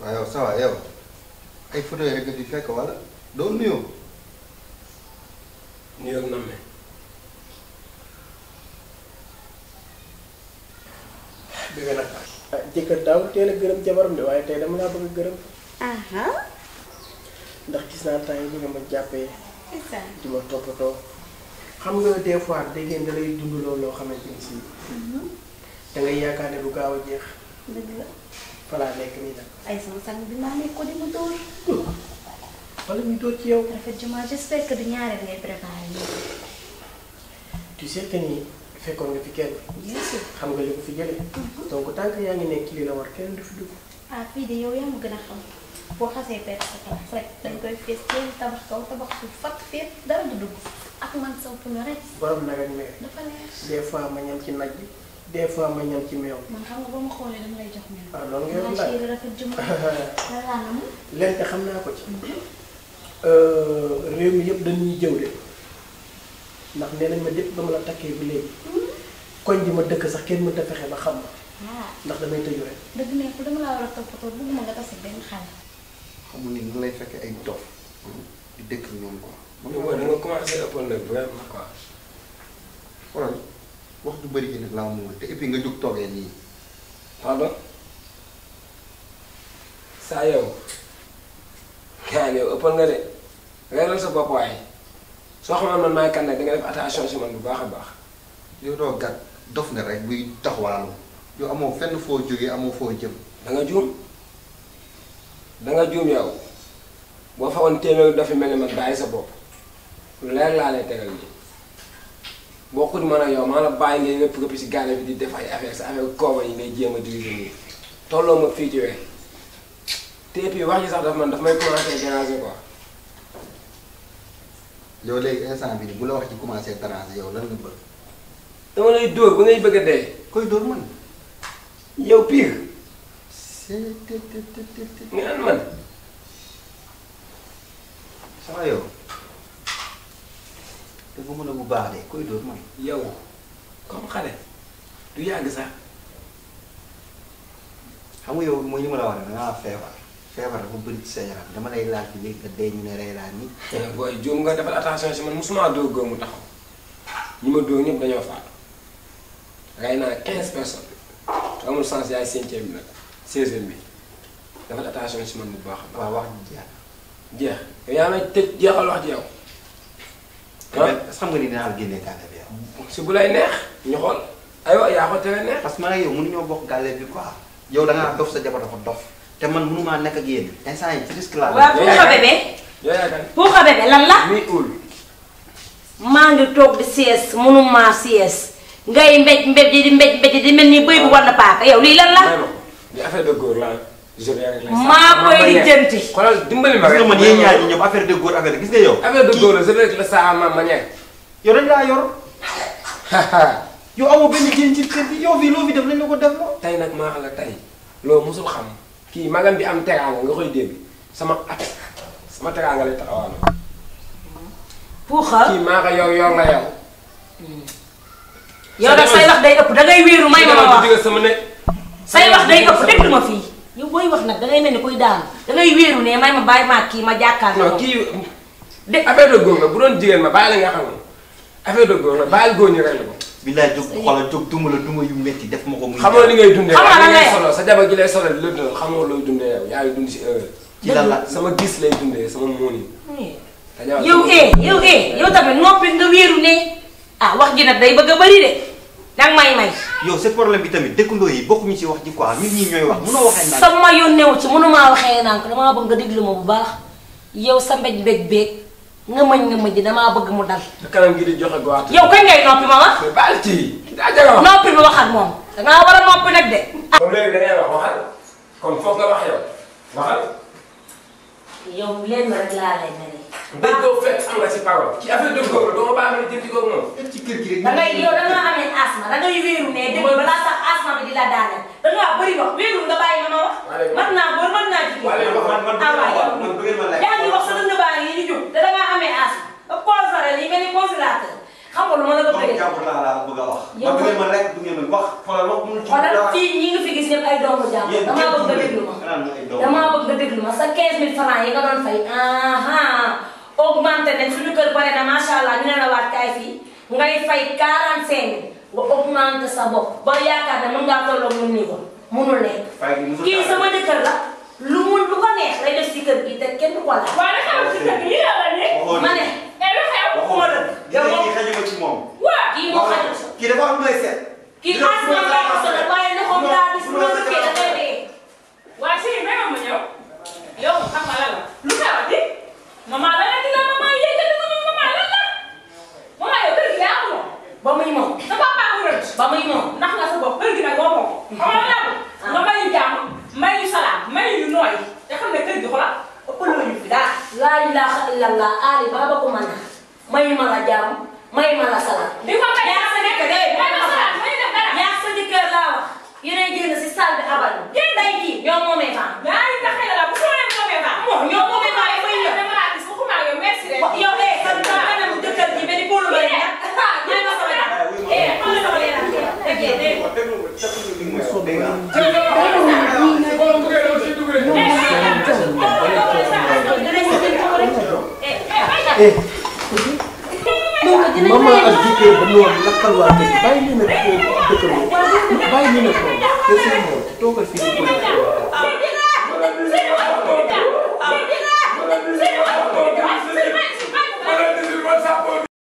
ayo sei ayo, Ayo, eh, foto yang kita que disse que Don't New. New não me. bagaimana? Jika tahu tele geram jabaram deh, ayat tele mana apa geram? Aha. Dah kisah tanya ni kamu jape. Isa. Cuma top top. Kamu mhm. kalau dia faham, dia kan dari dulu lo lo kamu jenis. Tengah iya kan ada buka wajah. Betul. voilà nekk nii nag. ay sama sang bi maa ko di ma dóor. wala ñu dóor ci yow. effectivement j'espère que du ñaareel ngay préparé nii. tu sais fekkoon nga fi kenn. bien xam nga li ko fi jëlee. donc tant que war kenn du fi dugg. ah fii de yow yaa ma gën a xam boo xasee perte sa place rek dañ koy fees kenn tabax kaw tabax suuf fat fees dara du dugg ak man saw puno rek. borom nag ak meer. dafa ma ñam ci nag bi. des fois ma ñam ci meew. man xam nga ba ma xoolee dama lay jox meew. waaw ah, leen te xam naa ko ci. Mhm. Euh, réew mi yëpp dañuy jëw de ndax nee ma dépp dama la takkee bu léegi mhm. koñ bi ma dëkk sax kenn mënta fexe ba xam ma. ndax damay tëju rek. dëgg nekkul dama laa war a toppatoo bëgguma nga tase benn xale. xam nga ni mu lay fekkee ay dof di dëkk ñoom quoi. mu ngi woon da nga commencé ëppal nag vraiment quoi. wax du bari ci nag la muur te epi nga juk toge ni pardon sa yow kan yow opal nga de reral sa bop way so xamoon man maay kan nag da nga def attention si man bu baax a baax yow do gat dof na rek buy taxawaalu yow amo fenn fo joge amo fo jëm da nga joom da nga joom yow bo fa won téeméer dafi melni ne man sa bop lu leer la lay tegal ni bokkul mana ak yow maa la bàyyi ngeen nëpp këpp si gaale bi di def ay affaire sa affaire kooba yi ngay jéem a diriger nii tolloo ma fii ci wér te puis wax ji sax daf man daf may commencé déranger quoi. yow léegi instant bi bu la wax ci commencé déranger yow lan nga bëgg. dama lay dóor bu ngay bëgg a dee. koy dóor man. yow pire. c'est man. te bu mën a bu baax de koy dóor mooy. yow comme xale du yàgg sax xam nga yow mooy ñu ma la wax rek da ngaa feebar feebar dafa bëri sa yaram dama lay laaj léegi nga dee ñu ne rey laaj ni. Eh, booy nga defal attention si man mosuma dóor góor mu taxaw ñu ma doo ñëpp dañoo faatu rey naa quinze personnes te amul sens yaay cinquième bi nag seizième bi defal attention si man bu baax. waaw wax jeex. jeex yow yaa ngi tëj jeexal wax ci xam nga dengan dinaa ya. génnee gàlle bi yow. ya bu lay neex ñu xool aywa yaa ko tere neex. parce Ya maa ngi yow mënuñoo bokk gàlle bi quoi yow da ngaa dof sa jabar dafa dof Ya ya. mënumaa nekk ak yéen instant yi ci risque laa. waaw puuxa bébé. puuxa bébé lan la. muy ul. maa ngi Ya di sees Ya, sees ngay maa koy lijjanti. xoolal dimbali ma rek. man yéen ñaar ñi ñoom affaire de góor affaire de gis nga yow. affaire de góor la je vais le ma ma yow dañ laa yor. yow amoo benn jën ci kër gi yow fii loo fi def nañ ko def loo. tey nag maa xam la tey loo musul xam kii magam bi am teraanga nga koy dégg sama at sama teraanga lay taxawaan. puuxa kii maa yow yow nga yow. yow nag say wax day ëpp dangay wéeru may ma ma sama nekk. say wax day ëpp déglu ma fii. yow booy wax nag dangay mel ni koy daanu dangay wéeru ne may ma bàyyi ma kii ma jàkkaarloo. non kii de affaire de góor la bu doon jigéen ma bàyyi la nga xam ne affaire de góor la bàyyi góor ñu ren la ko. bilaay jóg xoolal jóg duma la duma yu metti def ma ko mu xam xamoo li ngay dundee xamoo lan ngay solo sa jabar gi lay solo di looy dundee yaa ngi dund sama gis lay dundee sama moon yi. Eh. yow eh yow eh yow tamit noppi nga weeru ne ah wax ji nag day bëgg a bëri de danga may may yow sa problème bi tamit dëkkandoo yi bokkuñu ci wax ji quoi nit ñi ñooy wax mënoo waxee ndànk. sama yoon newu ci damaa bëgg nga déglu ma bu baax yow sa mbéj beeg beeg nga mëñ nga mëñ ji damaa bëgg mu dal. kanam gi di joxe gowaat. yow noppi ma wax. mais baal ci daa jaga wax. noppi ma wax moom dangaa war a noppi nag de. comme léegi da wax waxal kon foog nga wax yow waxal. yow lenn rek laa lay mel. dañ koo fekk am nga ci da ngay yow da ngaa amee asma da ngay wéeru ne di la daaneel da ngaa bëri wax wéeru nga bàyyi ma wax. man naa góor man naa jigéen. waaye wax man man bëgg naa wax yaa ngi wax sa dënd baa ngi ñu jóg. te da ngaa amee la ko bëggee. jàpp naa laa bëgg a wax. yéen du ngeen mën rek du ngeen mën wax. xoolal wax mënul ci dara fii ñi nga fi gis ñëpp ma damaa bëgg nga déglu ma yi nga doon fay augmenté nañ suñu kër pare na macha allah ñu ne la waat kaay fii ngay fay nga augmenté sa bopp ba yaakaar ne mën ngaa tolloo mun niveau munul nekk. kii sama jëkkër la lu mun lu ko neex lay def si kër gi kenn du ko laaj. waaw nag xam nga si ma ne. laa ilaaha illallah Ali baba ko mën a may la jàmm may la salaam. di ko bi abal ma. génn day kii ñoo moomee la la bu soo leen moomee de. yow de xam nga kanamu jëkkër ji benn pôlu ba yàq. ah may ma sama yàq. eh xam eh, eh. nga dama lay yàq. dëgg la dëgg eh. maman ak jëkkër ba ñëwoon lakkal waa kër bàyyi ñu ne dëkkandoo bàyyi ñu ne tool yow seen moom toogal fii